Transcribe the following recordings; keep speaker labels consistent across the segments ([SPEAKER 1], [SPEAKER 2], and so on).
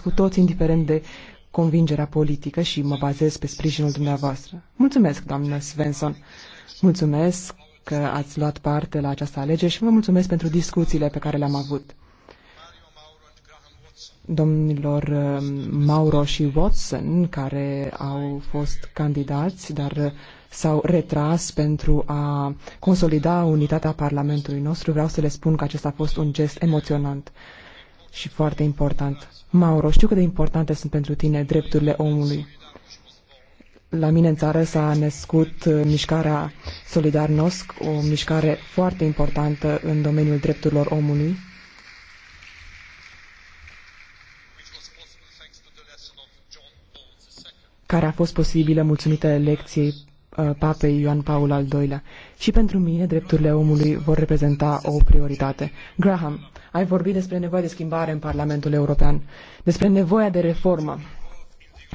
[SPEAKER 1] cu toți, indiferent de convingerea politică și mă bazez pe sprijinul dumneavoastră. Mulțumesc, doamnă Svensson. Mulțumesc că ați luat parte la această alegere și vă mulțumesc pentru discuțiile pe care le-am avut. Domnilor uh, Mauro și Watson, care au fost candidați, dar uh, s-au retras pentru a consolida unitatea Parlamentului nostru, vreau să le spun că acesta a fost un gest emoționant și foarte important. Mauro, știu cât de importante sunt pentru tine drepturile omului. La mine în țară s-a născut uh, mișcarea Solidarnosc, o mișcare foarte importantă în domeniul drepturilor omului. care a fost posibilă mulțumită lecției Uh, papei Ioan Paul al II-lea. Și pentru mine, drepturile omului vor reprezenta o prioritate. Graham, ai vorbit despre nevoia de schimbare în Parlamentul European, despre nevoia de reformă,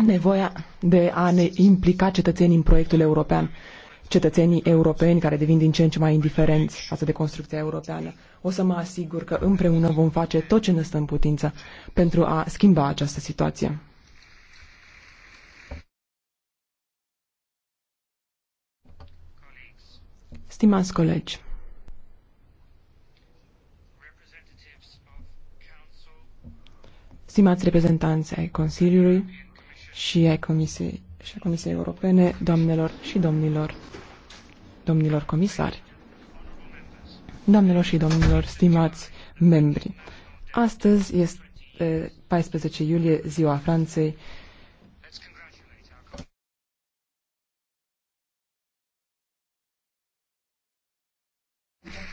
[SPEAKER 1] nevoia de a ne implica cetățenii în proiectul european cetățenii europeni care devin din ce în ce mai indiferenți față de construcția europeană. O să mă asigur că împreună vom face tot ce ne stă în putință pentru a schimba această situație. Stimați colegi, stimați reprezentanți ai Consiliului și ai Comisiei, și ai Comisiei Europene, doamnelor și domnilor, domnilor comisari, doamnelor și domnilor, stimați membri, astăzi este 14 iulie, ziua Franței,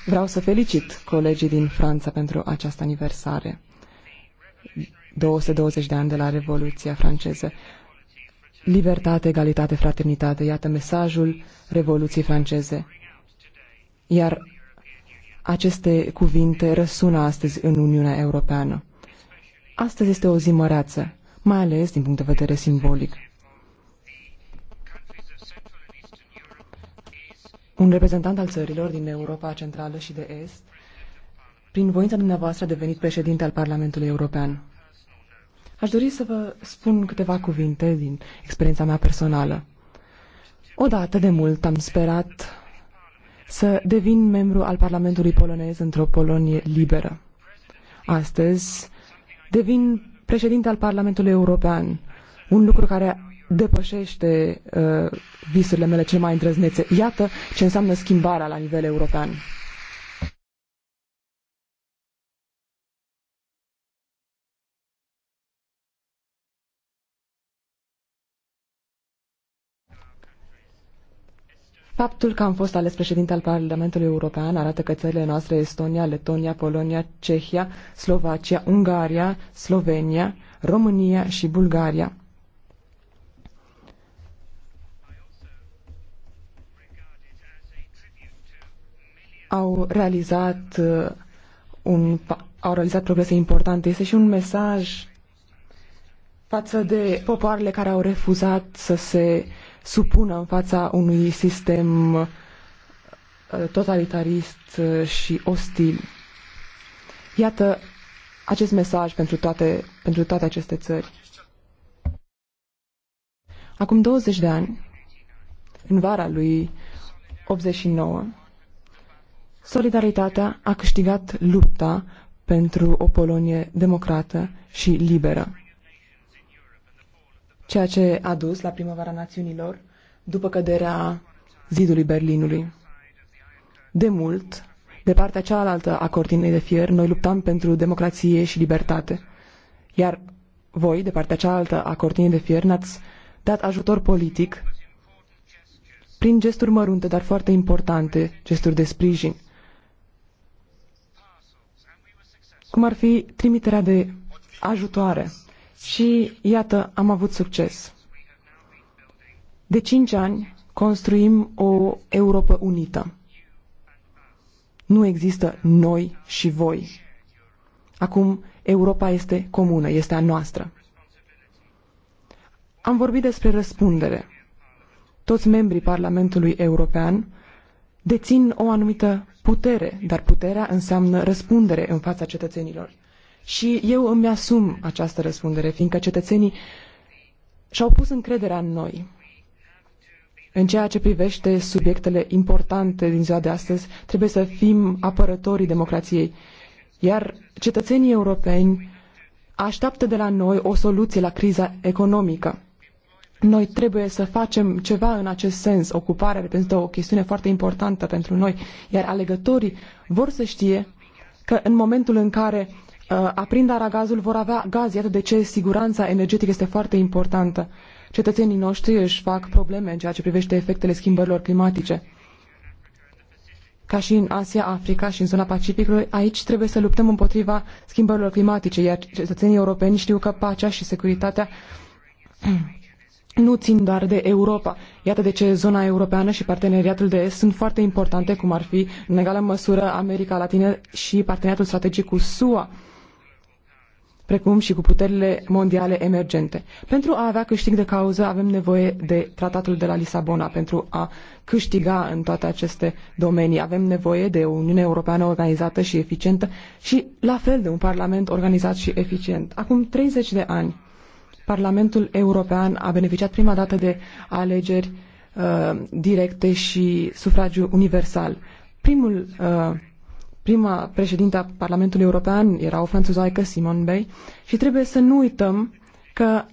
[SPEAKER 1] Vreau să felicit colegii din Franța pentru această aniversare. 220 de ani de la Revoluția franceză. Libertate, egalitate, fraternitate, iată mesajul Revoluției franceze. Iar aceste cuvinte răsună astăzi în Uniunea Europeană. Astăzi este o zi măreață, mai ales din punct de vedere simbolic. un reprezentant al țărilor din Europa Centrală și de Est, prin voința dumneavoastră a devenit președinte al Parlamentului European. Aș dori să vă spun câteva cuvinte din experiența mea personală. Odată de mult am sperat să devin membru al Parlamentului polonez într-o Polonie liberă. Astăzi devin președinte al Parlamentului European, un lucru care depășește uh, visurile mele cele mai îndrăznețe. Iată ce înseamnă schimbarea la nivel european. Faptul că am fost ales președinte al Parlamentului European arată că țările noastre, Estonia, Letonia, Polonia, Cehia, Slovacia, Ungaria, Slovenia, România și Bulgaria, au realizat uh, un, au realizat progrese importante. Este și un mesaj față de popoarele care au refuzat să se supună în fața unui sistem uh, totalitarist uh, și ostil. Iată acest mesaj pentru toate, pentru toate aceste țări. Acum 20 de ani, în vara lui 89, Solidaritatea a câștigat lupta pentru o Polonie democrată și liberă, ceea ce a dus la primăvara națiunilor după căderea zidului Berlinului. De mult, de partea cealaltă a cortinei de fier, noi luptam pentru democrație și libertate. Iar voi, de partea cealaltă a cortinei de fier, n-ați dat ajutor politic prin gesturi mărunte, dar foarte importante, gesturi de sprijin – cum ar fi trimiterea de ajutoare. Și iată, am avut succes. De cinci ani construim o Europa unită. Nu există noi și voi. Acum Europa este comună, este a noastră. Am vorbit despre răspundere. Toți membrii Parlamentului European dețin o anumită putere, dar puterea înseamnă răspundere în fața cetățenilor. Și eu îmi asum această răspundere, fiindcă cetățenii și-au pus încrederea în noi. În ceea ce privește subiectele importante din ziua de astăzi, trebuie să fim apărătorii democrației. Iar cetățenii europeni așteaptă de la noi o soluție la criza economică. Noi trebuie să facem ceva în acest sens. Ocuparea reprezintă o chestiune foarte importantă pentru noi, iar alegătorii vor să știe că în momentul în care uh, aprind aragazul vor avea gaz. Iată de ce siguranța energetică este foarte importantă. Cetățenii noștri își fac probleme în ceea ce privește efectele schimbărilor climatice. Ca și în Asia, Africa și în zona Pacificului, aici trebuie să luptăm împotriva schimbărilor climatice, iar cetățenii europeni știu că pacea și securitatea nu țin doar de Europa. Iată de ce zona europeană și parteneriatul de est sunt foarte importante, cum ar fi, în egală măsură, America Latină și parteneriatul strategic cu SUA precum și cu puterile mondiale emergente. Pentru a avea câștig de cauză avem nevoie de tratatul de la Lisabona pentru a câștiga în toate aceste domenii. Avem nevoie de o Uniune Europeană organizată și eficientă și la fel de un Parlament organizat și eficient. Acum 30 de ani Parlamentul European a beneficiat prima dată de alegeri uh, directe și sufragiu universal. Primul, uh, prima președinte a Parlamentului European era o franțuzaică, Simone Bay, și trebuie să nu uităm că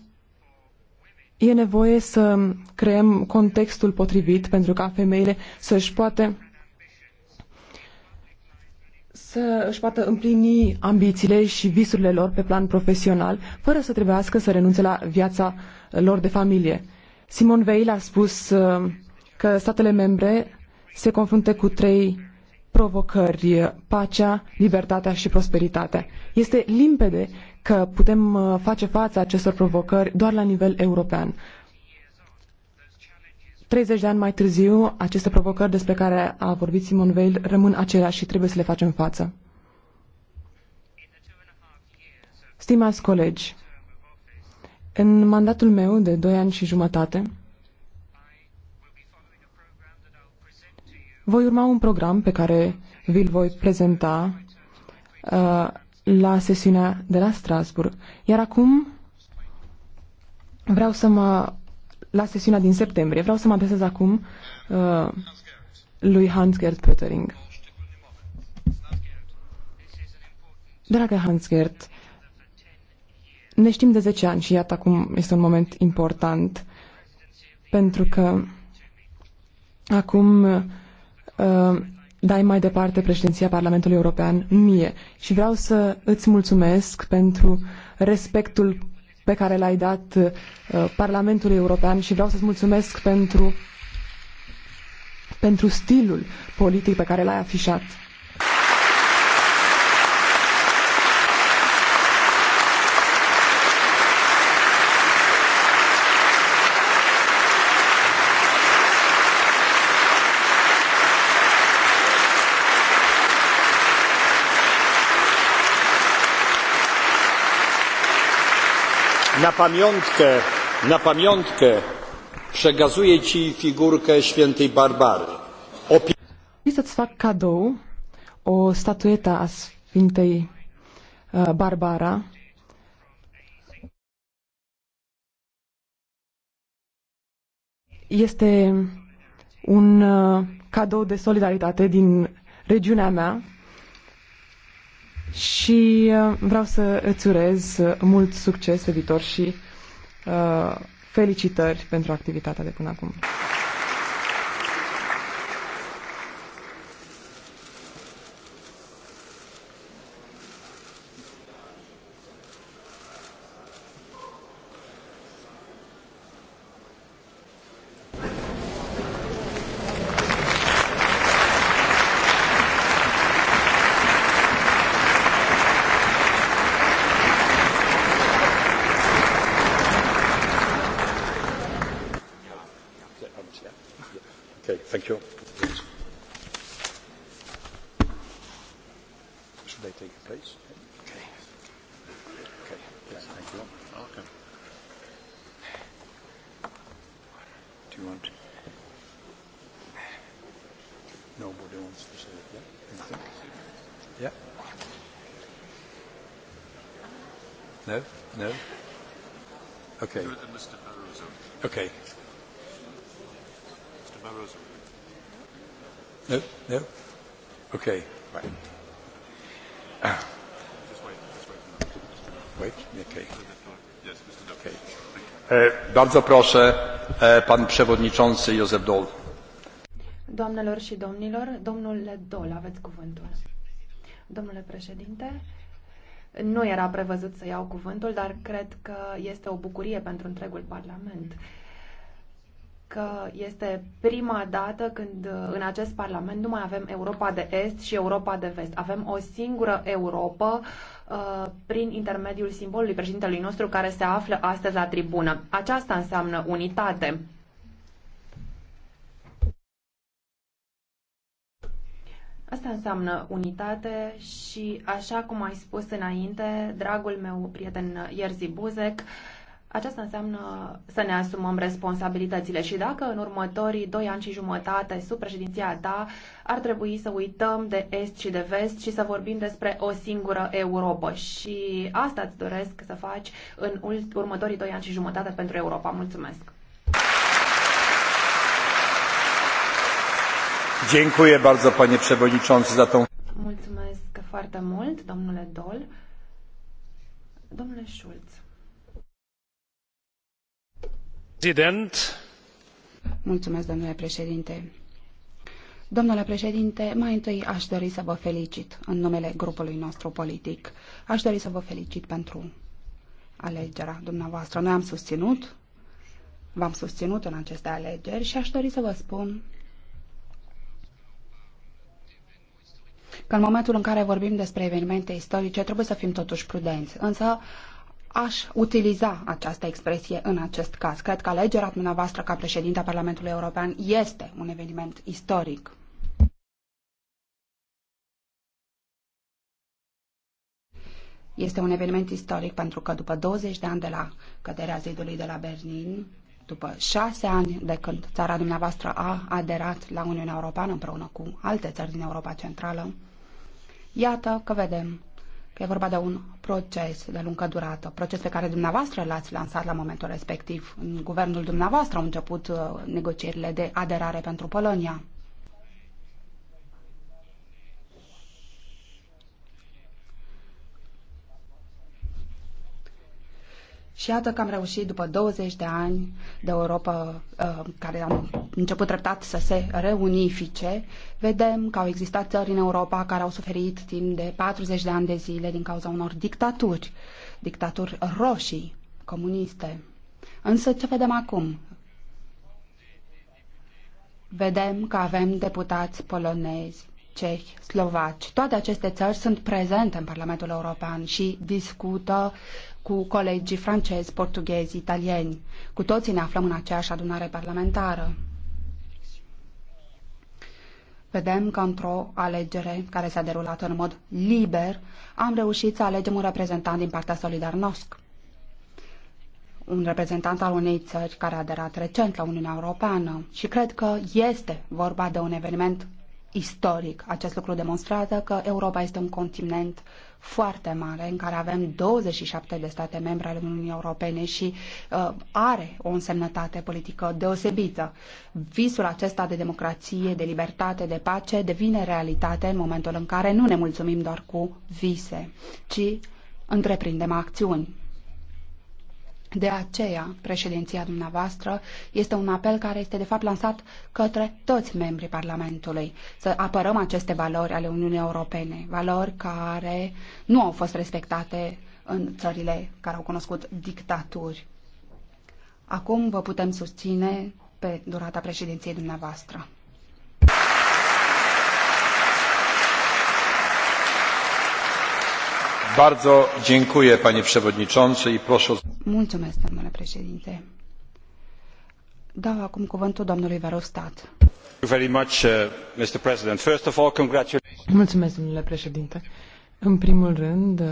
[SPEAKER 1] e nevoie să creăm contextul potrivit pentru ca femeile să-și poate să își poată împlini ambițiile și visurile lor pe plan profesional, fără să trebuiască să renunțe la viața lor de familie. Simon Veil a spus uh, că statele membre se confruntă cu trei provocări, pacea, libertatea și prosperitatea. Este limpede că putem uh, face față acestor provocări doar la nivel european. 30 de ani mai târziu, aceste provocări despre care a vorbit Simon Veil rămân aceleași și trebuie să le facem față. Stimați colegi, în mandatul meu de 2 ani și jumătate, voi urma un program pe care vi-l voi prezenta uh, la sesiunea de la Strasburg. Iar acum vreau să mă la sesiunea din septembrie. Vreau să mă adresez acum uh, lui Hans-Gerd Pöttering. Dragă Hans-Gerd, ne știm de 10 ani și iată acum este un moment important pentru că acum uh, dai mai departe președinția Parlamentului European mie și vreau să îți mulțumesc pentru respectul pe care l-ai dat uh, Parlamentului European și vreau să-ți mulțumesc pentru, pentru stilul politic pe care l-ai afișat. Na pamiątkę, na pamiątkę przekazuję Ci figurkę
[SPEAKER 2] świętej Barbary.
[SPEAKER 1] Opi- I cadou o statueta a Sfintei Barbara, este un cadou de solidaritate din regiunea mea, și uh, vreau să îți urez uh, mult succes pe viitor și uh, felicitări pentru activitatea de până acum. Okay. Mr. Barroso.
[SPEAKER 2] No, no. Okay. Right.
[SPEAKER 3] Ah. bardzo proszę, pan przewodniczący Józef Dol.
[SPEAKER 2] Domnilor și domnilor, domnule Dol, aveți cuvântul. Domnule președinte, nu era prevăzut să iau cuvântul, dar cred că este o bucurie pentru întregul Parlament că este prima dată când uh, în acest Parlament nu mai avem Europa de Est și Europa de Vest. Avem o singură Europa uh, prin intermediul simbolului președintelui nostru care se află astăzi la tribună. Aceasta înseamnă unitate. Asta înseamnă unitate și, așa cum ai spus înainte, dragul meu prieten Ierzi Buzek, aceasta înseamnă să ne asumăm responsabilitățile și dacă în următorii doi ani și jumătate sub președinția ta ar trebui să uităm de est și de vest și să vorbim despre o singură Europa. Și asta îți doresc să faci în următorii doi ani și jumătate pentru Europa. Mulțumesc!
[SPEAKER 1] Dziękuję bardzo, panie przewodniczący, za tą...
[SPEAKER 2] Mulțumesc foarte mult, domnule Dol. Domnule Schulz. Prezident.
[SPEAKER 3] Mulțumesc, domnule președinte. Domnule președinte, mai întâi aș dori să vă felicit în numele grupului nostru politic. Aș dori să vă felicit pentru alegerea dumneavoastră. Noi am susținut, v-am susținut în aceste alegeri și aș dori să vă spun că în momentul în care vorbim despre evenimente istorice trebuie să fim totuși prudenți. Însă aș utiliza această expresie în acest caz. Cred că alegerea dumneavoastră ca președinte a Parlamentului European este un eveniment istoric. Este un eveniment istoric pentru că după 20 de ani de la căderea zidului de la Berlin, după 6 ani de când țara dumneavoastră a aderat la Uniunea Europeană împreună cu alte țări din Europa Centrală, Iată că vedem că e vorba de un proces de lungă durată, proces pe care dumneavoastră l-ați lansat la momentul respectiv. În guvernul dumneavoastră au început uh, negocierile de aderare pentru Polonia. Și iată că am reușit după 20 de ani de Europa uh, care am început treptat să se reunifice, vedem că au existat țări în Europa care au suferit timp de 40 de ani de zile din cauza unor dictaturi, dictaturi roșii, comuniste. Însă ce vedem acum? Vedem că avem deputați polonezi cehi, slovaci, toate aceste țări sunt prezente în Parlamentul European și discută cu colegii francezi, portughezi, italieni. Cu toții ne aflăm în aceeași adunare parlamentară. Vedem că într-o alegere care s-a derulat în mod liber, am reușit să alegem un reprezentant din partea Solidar un reprezentant al unei țări care a aderat recent la Uniunea Europeană și cred că este vorba de un eveniment istoric. Acest lucru demonstrează că Europa este un continent foarte mare în care avem 27 de state membre ale Uniunii Europene și uh, are o însemnătate politică deosebită. Visul acesta de democrație, de libertate, de pace devine realitate în momentul în care nu ne mulțumim doar cu vise, ci întreprindem acțiuni. De aceea, președinția dumneavoastră este un apel care este de fapt lansat către toți membrii Parlamentului să apărăm aceste valori ale Uniunii Europene, valori care nu au fost respectate în țările care au cunoscut dictaturi. Acum vă putem susține pe durata președinției dumneavoastră.
[SPEAKER 2] Bardzo dziękuję, panie przewodniczący, i proszę...
[SPEAKER 3] Mulțumesc, domnule președinte. Dau acum cuvântul domnului Verhofstadt. Uh,
[SPEAKER 1] Mulțumesc, domnule președinte. În primul rând, uh,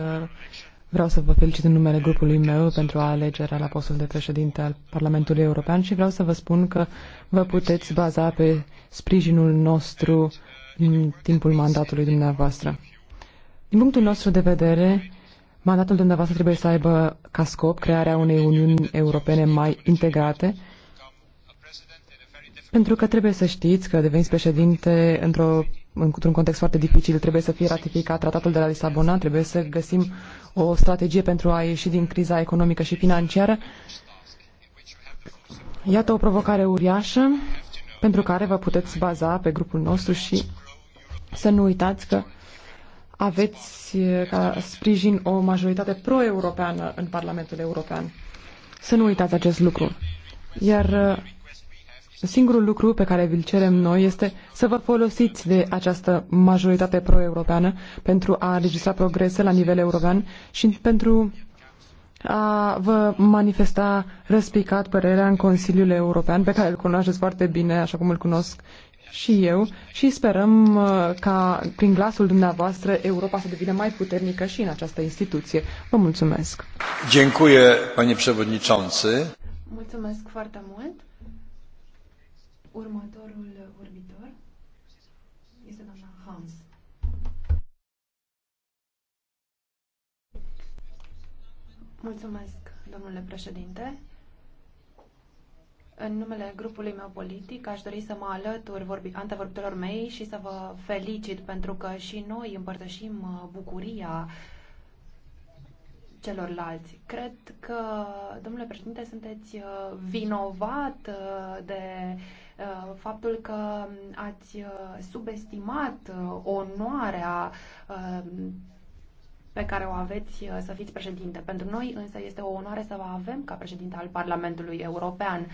[SPEAKER 1] vreau să vă felicit în numele grupului meu pentru alegerea la postul de președinte al Parlamentului European și vreau să vă spun că vă puteți baza pe sprijinul nostru în timpul mandatului dumneavoastră. Din punctul nostru de vedere, mandatul dumneavoastră trebuie să aibă ca scop crearea unei Uniuni Europene mai integrate, pentru că trebuie să știți că deveniți președinte într-o într-un context foarte dificil, trebuie să fie ratificat tratatul de la Lisabona, trebuie să găsim o strategie pentru a ieși din criza economică și financiară. Iată o provocare uriașă pentru care vă puteți baza pe grupul nostru și să nu uitați că aveți eh, ca sprijin o majoritate pro-europeană în Parlamentul European. Să nu uitați acest lucru. Iar eh, singurul lucru pe care vi-l cerem noi este să vă folosiți de această majoritate pro-europeană pentru a legisla progrese la nivel european și pentru a vă manifesta răspicat părerea în Consiliul European, pe care îl cunoașteți foarte bine, așa cum îl cunosc și eu și sperăm uh, ca prin glasul dumneavoastră Europa să devină mai puternică și în această instituție. Vă mulțumesc.
[SPEAKER 2] Dziękuję, panie przewodniczący. Mulțumesc foarte mult. Următorul vorbitor este doamna Hans. Mulțumesc, domnule președinte. În numele grupului meu politic aș dori să mă alătur vorbi, antevorbitorilor mei și să vă felicit pentru că și noi împărtășim uh, bucuria celorlalți. Cred că, domnule președinte, sunteți uh, vinovat uh, de faptul că ați subestimat onoarea pe care o aveți să fiți președinte. Pentru noi însă este o onoare să vă avem ca președinte al Parlamentului European.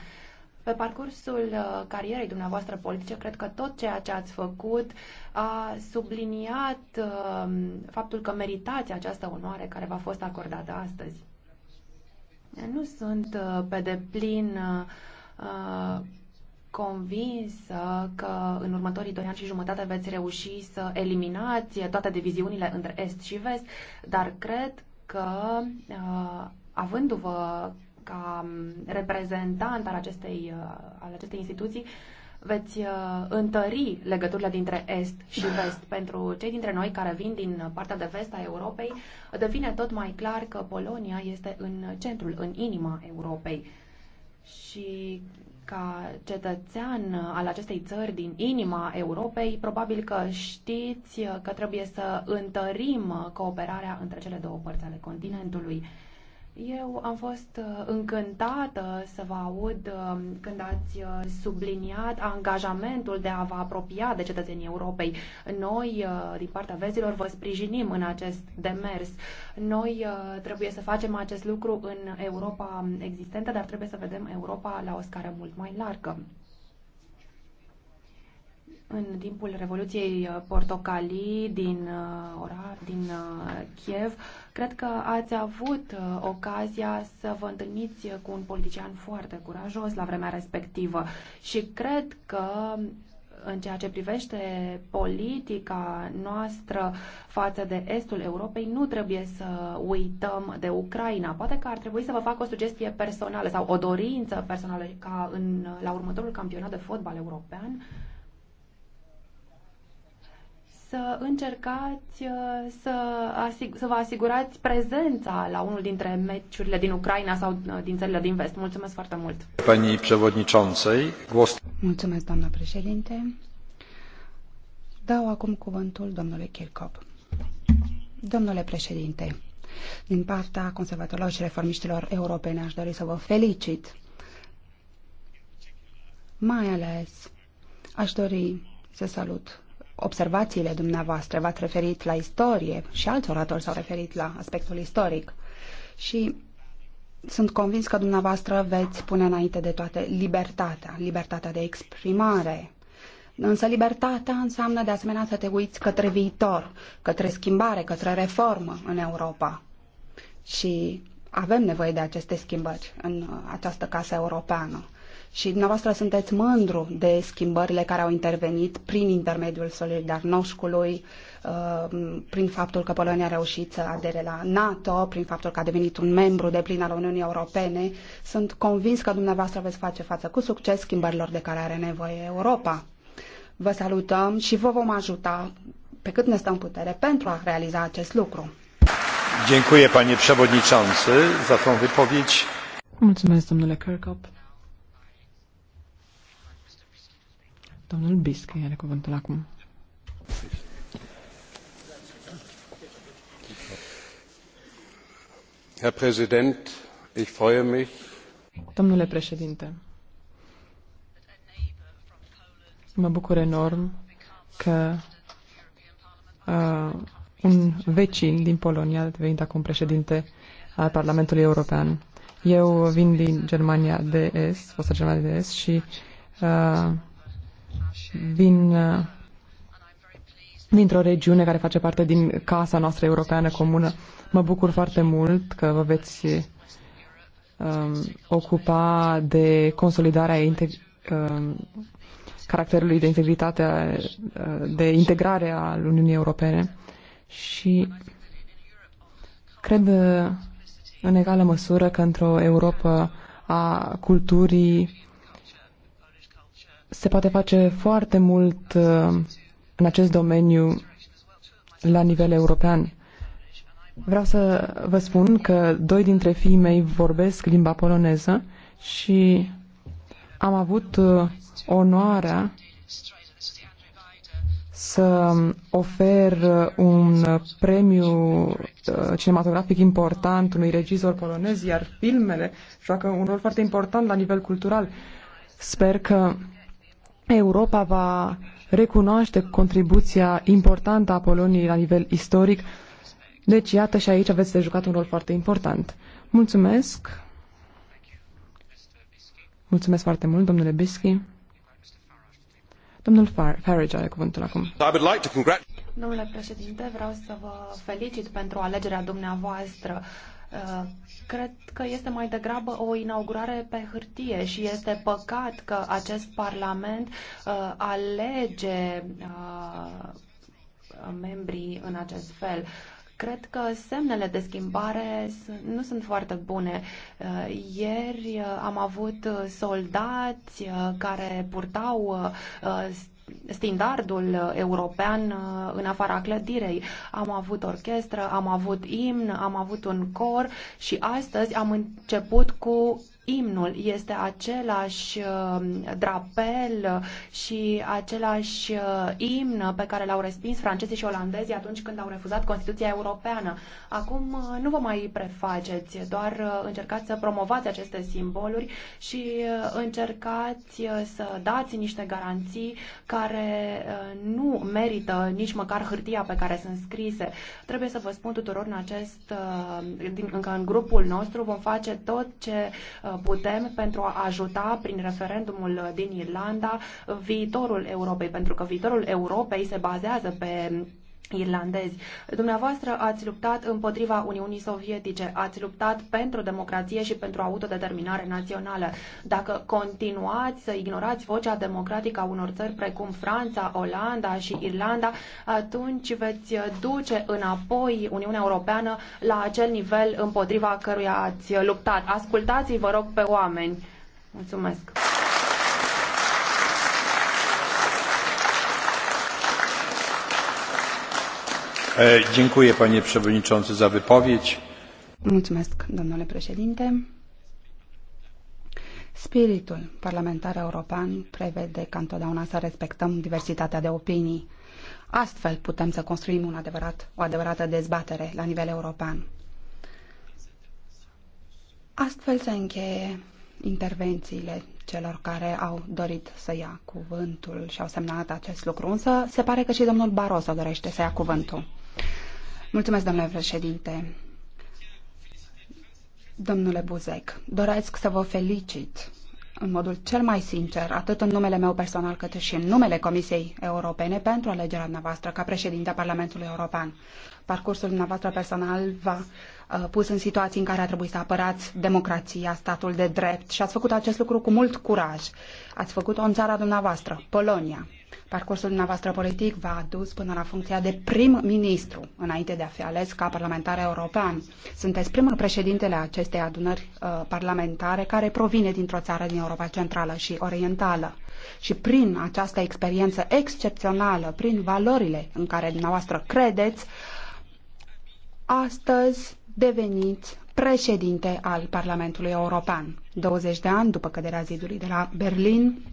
[SPEAKER 2] Pe parcursul uh, carierei dumneavoastră politice, cred că tot ceea ce ați făcut a subliniat um, faptul că meritați această onoare care v-a fost acordată astăzi. Nu sunt uh, pe deplin uh, convinsă că în următorii doi ani și jumătate veți reuși să eliminați toate diviziunile între Est și Vest, dar cred că avându-vă ca mm, reprezentant al acestei, uh, al acestei instituții, veți uh, întări legăturile dintre Est și Vest. Pentru cei dintre noi care vin din partea de vest a Europei, devine tot mai clar că Polonia este în centrul, în inima Europei. Și ca cetățean al acestei țări din inima Europei, probabil că știți că trebuie să întărim cooperarea între cele două părți ale continentului. Eu am fost uh, încântată să vă aud uh, când ați uh, subliniat angajamentul de a vă apropia de cetățenii Europei. Noi, din partea vezilor, vă sprijinim în acest demers. Noi trebuie să facem acest lucru în Europa existentă, dar trebuie să vedem Europa la o scară mult mai largă în timpul Revoluției uh, Portocalii din, uh, ora, din uh, Kiev, cred că ați avut ocazia să vă întâlniți cu un politician foarte curajos la vremea respectivă și cred că în ceea ce privește politica noastră față de estul Europei, nu trebuie să uităm de Ucraina. Poate că ar trebui să vă fac o sugestie personală sau o dorință personală ca în, la următorul campionat de fotbal european să încercați uh, să, asig- să vă asigurați prezența la unul dintre meciurile din Ucraina sau uh, din
[SPEAKER 3] țările din vest. Mulțumesc foarte mult! Mulțumesc, doamna președinte. Dau acum cuvântul domnului Kirchhoff. Domnule președinte, din partea conservatorilor și reformiștilor europene aș dori să vă felicit. Mai ales aș dori să salut observațiile dumneavoastră. V-ați referit la istorie și alți oratori s-au referit la aspectul istoric. Și sunt convins că dumneavoastră veți pune înainte de toate libertatea, libertatea de exprimare. Însă libertatea înseamnă de asemenea să te uiți către viitor, către schimbare, către reformă în Europa. Și avem nevoie de aceste schimbări în uh, această casă europeană. Și dumneavoastră sunteți mândru de schimbările care au intervenit prin intermediul Solidarnoșcului, uh, prin faptul că Polonia a reușit să adere la NATO, prin faptul că a devenit un membru de plin al Uniunii Europene. Sunt convins că dumneavoastră veți face față cu succes schimbărilor de care are nevoie Europa. Vă salutăm și vă vom ajuta pe cât ne stăm putere pentru a realiza acest
[SPEAKER 1] lucru.
[SPEAKER 2] Dziękuję, panie przewodniczący, za tą wypowiedź.
[SPEAKER 1] Mulțumesc, domnule Kirkop. Domnul Biscă are cuvântul acum.
[SPEAKER 2] Herr Präsident, ich freue mich.
[SPEAKER 1] Domnule președinte, mă bucur enorm că uh, un vecin din Polonia, devenit acum președinte al Parlamentului European. Eu vin din Germania de Est, fostă Germania de Est și uh, vin uh, dintr-o regiune care face parte din casa noastră europeană comună. Mă bucur foarte mult că vă veți uh, ocupa de consolidarea integ- uh, caracterului de integritate, uh, de integrare al Uniunii Europene și cred uh, în egală măsură că într-o Europa a culturii se poate face foarte mult uh, în acest domeniu la nivel european. Vreau să vă spun că doi dintre fiii mei vorbesc limba poloneză și am avut uh, onoarea să ofer uh, un uh, premiu uh, cinematografic important unui regizor polonez, iar filmele joacă un rol foarte important la nivel cultural. Sper că Europa va recunoaște contribuția importantă a Poloniei la nivel istoric. Deci, iată și aici aveți de jucat un rol foarte important. Mulțumesc! Mulțumesc foarte mult, domnule Biski. Domnul Farage are cuvântul acum.
[SPEAKER 2] Domnule președinte, vreau să vă felicit pentru alegerea dumneavoastră. Uh, cred că este mai degrabă o inaugurare pe hârtie și este păcat că acest Parlament uh, alege uh, membrii în acest fel. Cred că semnele de schimbare nu sunt foarte bune. Uh, ieri uh, am avut uh, soldați care purtau standardul european în afara clădirei. Am avut orchestră, am avut imn, am avut un cor și astăzi am început cu imnul este același um, drapel și același uh, imn pe care l-au respins francezii și olandezii atunci când au refuzat Constituția Europeană. Acum uh, nu vă mai prefaceți, doar uh, încercați să promovați aceste simboluri și încercați să dați niște garanții care nu merită nici măcar hârtia pe care sunt scrise. Trebuie să vă spun tuturor în acest, încă în grupul nostru vom face tot ce putem pentru a ajuta prin referendumul din Irlanda viitorul Europei, pentru că viitorul Europei se bazează pe irlandezi. Dumneavoastră ați luptat împotriva Uniunii Sovietice, ați luptat pentru democrație și pentru autodeterminare națională. Dacă continuați să ignorați vocea democratică a unor țări precum Franța, Olanda și Irlanda, atunci veți duce înapoi Uniunea Europeană la acel nivel împotriva căruia ați luptat. Ascultați-i, vă rog, pe oameni. Mulțumesc!
[SPEAKER 1] Dziękuję, panie przewodniczący, za wypowiedź.
[SPEAKER 3] Spiritul parlamentar european prevede ca întotdeauna să respectăm diversitatea de opinii. Astfel putem să construim un adevărat, o adevărată dezbatere la nivel european. Astfel se încheie intervențiile celor care au dorit să ia cuvântul și au semnat acest lucru, însă se pare că și domnul Barroso dorește să ia cuvântul. Mulțumesc, domnule președinte. Domnule Buzek, doresc să vă felicit în modul cel mai sincer, atât în numele meu personal, cât și în numele Comisiei Europene, pentru alegerea dumneavoastră ca președinte a Parlamentului European. Parcursul dumneavoastră personal va uh, pus în situații în care a trebuit să apărați democrația, statul de drept și ați făcut acest lucru cu mult curaj. Ați făcut-o în țara dumneavoastră, Polonia. Parcursul dumneavoastră politic v-a adus până la funcția de prim-ministru, înainte de a fi ales ca parlamentar european. Sunteți primul președintele acestei adunări uh, parlamentare care provine dintr-o țară din Europa Centrală și Orientală. Și prin această experiență excepțională, prin valorile în care dumneavoastră credeți, astăzi deveniți președinte al Parlamentului European. 20 de ani după căderea zidului de la Berlin,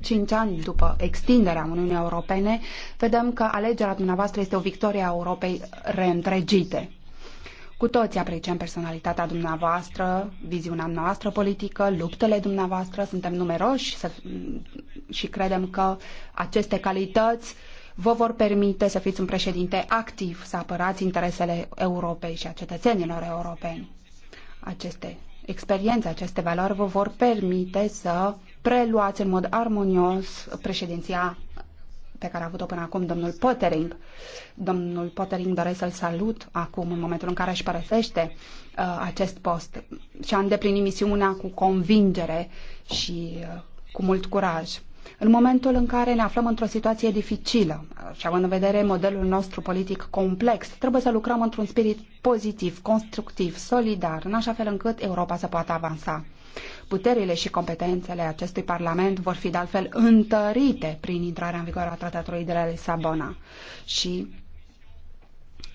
[SPEAKER 3] cinci ani după extinderea Uniunii Europene, vedem că alegerea dumneavoastră este o victorie a Europei reîntregite. Cu toți apreciem personalitatea dumneavoastră, viziunea noastră politică, luptele dumneavoastră, suntem numeroși și credem că aceste calități vă vor permite să fiți un președinte activ, să apărați interesele Europei și a cetățenilor europeni. Aceste experiențe, aceste valori vă vor permite să preluați în mod armonios președinția pe care a avut-o până acum domnul Pottering. Domnul Pottering doresc să-l salut acum, în momentul în care își părăsește uh, acest post și a îndeplinit misiunea cu convingere și uh, cu mult curaj. În momentul în care ne aflăm într-o situație dificilă uh, și având în vedere modelul nostru politic complex, trebuie să lucrăm într-un spirit pozitiv, constructiv, solidar, în așa fel încât Europa să poată avansa puterile și competențele acestui Parlament vor fi de altfel întărite prin intrarea în vigoare a Tratatului de la Lisabona. Și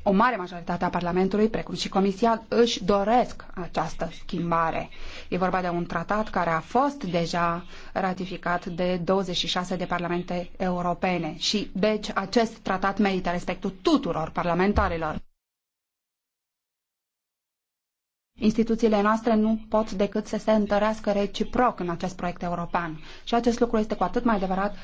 [SPEAKER 3] o mare majoritate a Parlamentului, precum și Comisia, își doresc această schimbare. E vorba de un tratat care a fost deja ratificat de 26 de parlamente europene și, deci, acest tratat merită respectul tuturor parlamentarilor. Instituțiile noastre nu pot decât să se întărească reciproc în acest proiect european. Și acest lucru este cu atât mai adevărat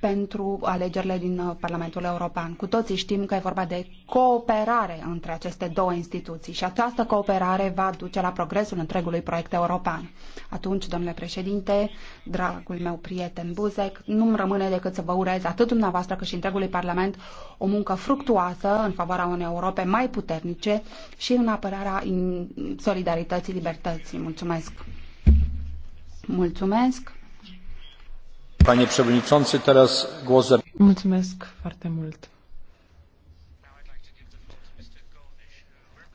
[SPEAKER 3] pentru alegerile din uh, Parlamentul European. Cu toții știm că e vorba de cooperare între aceste două instituții și această cooperare va duce la progresul întregului proiect european. Atunci, domnule președinte, dragul meu prieten Buzek, nu-mi rămâne decât să vă urez atât dumneavoastră cât și întregului Parlament o muncă fructuoasă în favoarea unei Europe mai puternice și în apărarea solidarității libertății. Mulțumesc! Mulțumesc!
[SPEAKER 2] panie przewodniczący.
[SPEAKER 1] Teraz głos Mulțumesc foarte mult.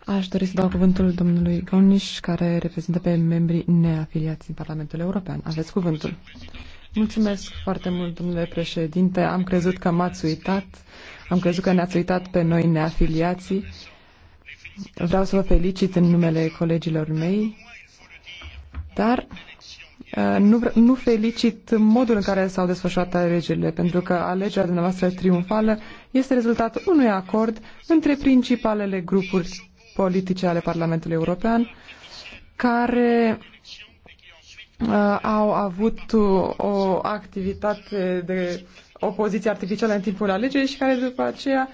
[SPEAKER 1] Aș dori să dau cuvântul domnului Gonish, care reprezintă pe membrii neafiliați din Parlamentul European. Aveți cuvântul. Mulțumesc foarte mult, domnule președinte. Am crezut că m-ați uitat. Am crezut că ne-ați uitat pe noi neafiliații. Vreau să vă felicit în numele colegilor mei, dar Uh, nu, nu felicit modul în care s-au desfășurat alegerile, pentru că alegerea dumneavoastră triumfală este rezultatul unui acord între principalele grupuri politice ale Parlamentului European, care uh, au avut o activitate de opoziție artificială în timpul alegerii și care după aceea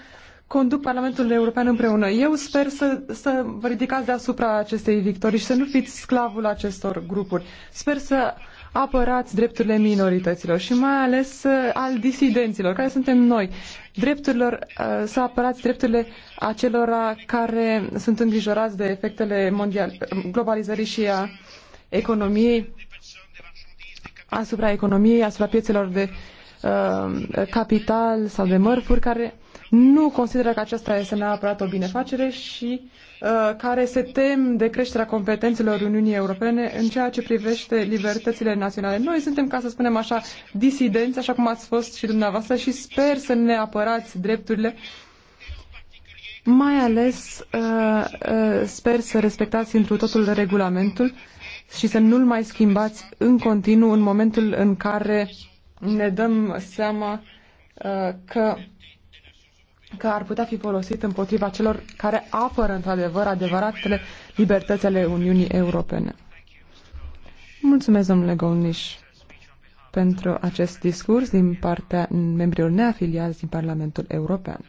[SPEAKER 1] conduc Parlamentul European împreună. Eu sper să, să vă ridicați deasupra acestei victorii și să nu fiți sclavul acestor grupuri. Sper să apărați drepturile minorităților și mai ales uh, al disidenților, care suntem noi, drepturilor, uh, să apărați drepturile acelora care sunt îngrijorați de efectele mondial, globalizării și a economiei, asupra economiei, asupra piețelor de uh, capital sau de mărfuri care nu consideră că aceasta este neapărat o binefacere și uh, care se tem de creșterea competențelor Uniunii Europene în ceea ce privește libertățile naționale. Noi suntem, ca să spunem așa, disidenți, așa cum ați fost și dumneavoastră, și sper să ne apărați drepturile mai ales uh, uh, sper să respectați întru totul regulamentul și să nu-l mai schimbați în continuu în momentul în care ne dăm seama uh, că că ar putea fi folosit împotriva celor care apără într-adevăr adevăratele libertăți ale Uniunii Europene. Mulțumesc, domnule Golniș, pentru acest discurs din partea membrilor neafiliați din Parlamentul European.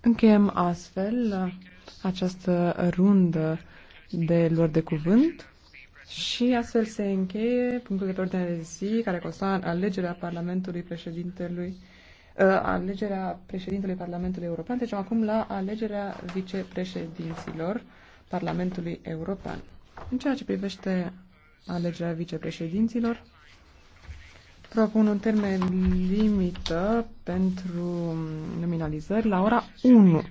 [SPEAKER 1] Încheiem astfel această rundă de luări de cuvânt și astfel se încheie punctul de ordine de zi care consta în alegerea Parlamentului președintelui Uh, alegerea președintelui Parlamentului European. Trecem acum la alegerea vicepreședinților Parlamentului European. În ceea ce privește alegerea vicepreședinților, propun un termen limită pentru nominalizări la ora 1